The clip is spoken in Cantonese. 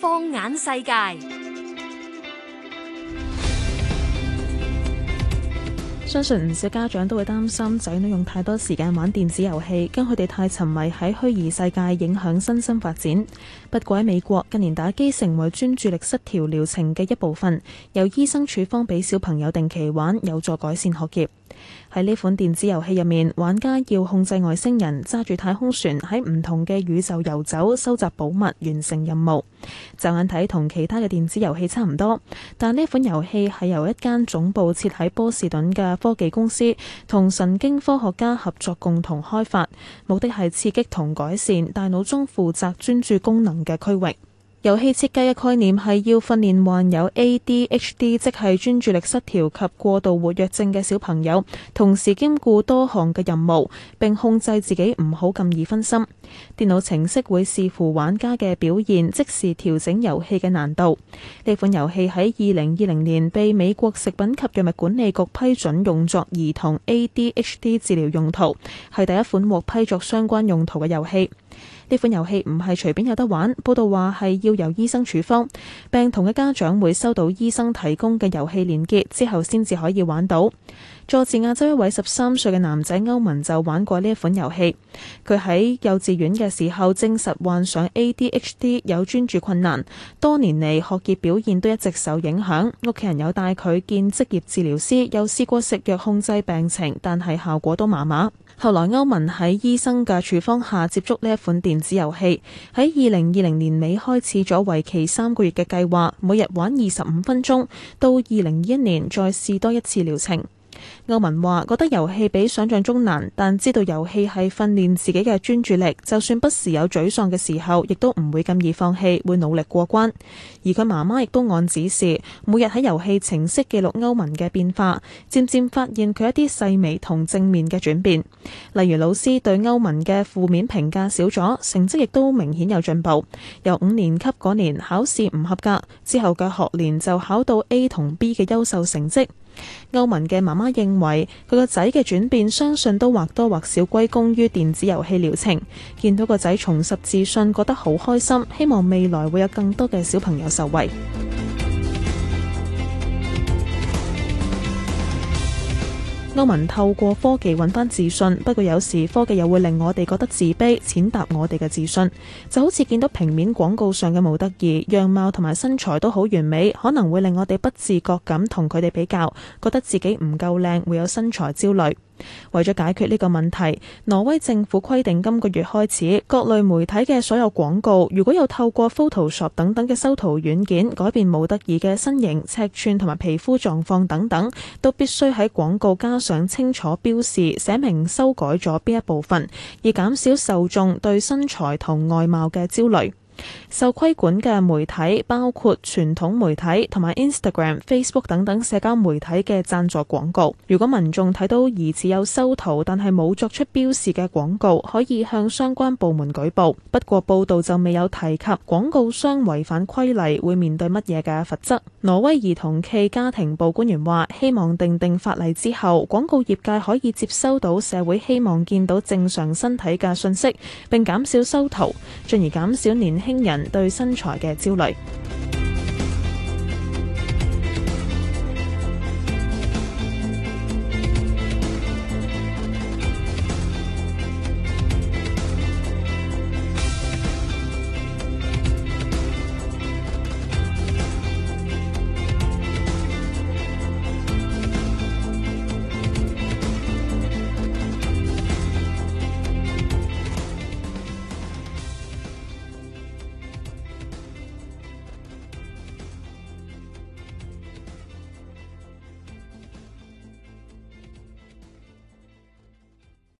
放眼世界。相信唔少家長都會擔心仔女用太多時間玩電子遊戲，驚佢哋太沉迷喺虛擬世界，影響身心發展。不過喺美國近年，打機成為專注力失調療程嘅一部分，由醫生處方俾小朋友定期玩，有助改善學業。喺呢款電子遊戲入面，玩家要控制外星人揸住太空船喺唔同嘅宇宙遊走，收集寶物，完成任務。驟眼睇同其他嘅電子遊戲差唔多，但呢款遊戲係由一間總部設喺波士頓嘅科技公司同神經科學家合作，共同開發，目的係刺激同改善大腦中負責專注功能嘅區域。遊戲設計嘅概念係要訓練患有 ADHD，即係專注力失調及過度活躍症嘅小朋友，同時兼顧多項嘅任務，並控制自己唔好咁易分心。電腦程式會視乎玩家嘅表現，即時調整遊戲嘅難度。呢款遊戲喺二零二零年被美國食品及藥物管理局批准用作兒童 ADHD 治療用途，係第一款獲批作相關用途嘅遊戲。呢款遊戲唔係隨便有得玩，報道話係要。由醫生處方，病童嘅家長會收到醫生提供嘅遊戲連結，之後先至可以玩到。佐治亞州一位十三歲嘅男仔歐文就玩過呢一款遊戲。佢喺幼稚園嘅時候證實患上 ADHD，有專注困難，多年嚟學業表現都一直受影響。屋企人有帶佢見職業治療師，又試過食藥控制病情，但係效果都麻麻。後來歐文喺醫生嘅處方下接觸呢一款電子遊戲，喺二零二零年尾開始咗為期三個月嘅計劃，每日玩二十五分鐘，到二零二一年再試多一次療程。歐文話：覺得遊戲比想象中難，但知道遊戲係訓練自己嘅專注力。就算不時有沮喪嘅時候，亦都唔會咁易放棄，會努力過關。而佢媽媽亦都按指示，每日喺遊戲程式記錄歐文嘅變化，漸漸發現佢一啲細微同正面嘅轉變，例如老師對歐文嘅負面評價少咗，成績亦都明顯有進步。由五年級嗰年考試唔合格，之後嘅學年，就考到 A 同 B 嘅優秀成績。歐文嘅媽媽認為佢個仔嘅轉變，相信都或多或少歸功於電子遊戲療程。見到個仔重拾自信，覺得好開心，希望未來會有更多嘅小朋友受惠。歐文透過科技搵翻自信，不過有時科技又會令我哋覺得自卑，踐踏我哋嘅自信，就好似見到平面廣告上嘅模特兒樣貌同埋身材都好完美，可能會令我哋不自覺咁同佢哋比較，覺得自己唔夠靚，會有身材焦慮。為咗解決呢個問題，挪威政府規定今個月開始，各類媒體嘅所有廣告，如果有透過 Photoshop 等等嘅修圖軟件改變模特兒嘅身形、尺寸同埋皮膚狀況等等，都必須喺廣告加上清楚標示，寫明修改咗邊一部分，以減少受眾對身材同外貌嘅焦慮。受規管嘅媒體包括傳統媒體同埋 Instagram、Instagram, Facebook 等等社交媒體嘅贊助廣告。如果民眾睇到疑似有修圖但係冇作出標示嘅廣告，可以向相關部門舉報。不過報道就未有提及廣告商違反規例會面對乜嘢嘅罰則。挪威兒童暨家庭部官員話：希望訂定法例之後，廣告業界可以接收到社會希望見到正常身體嘅信息，並減少修圖，進而減少年。年輕人對身材嘅焦慮。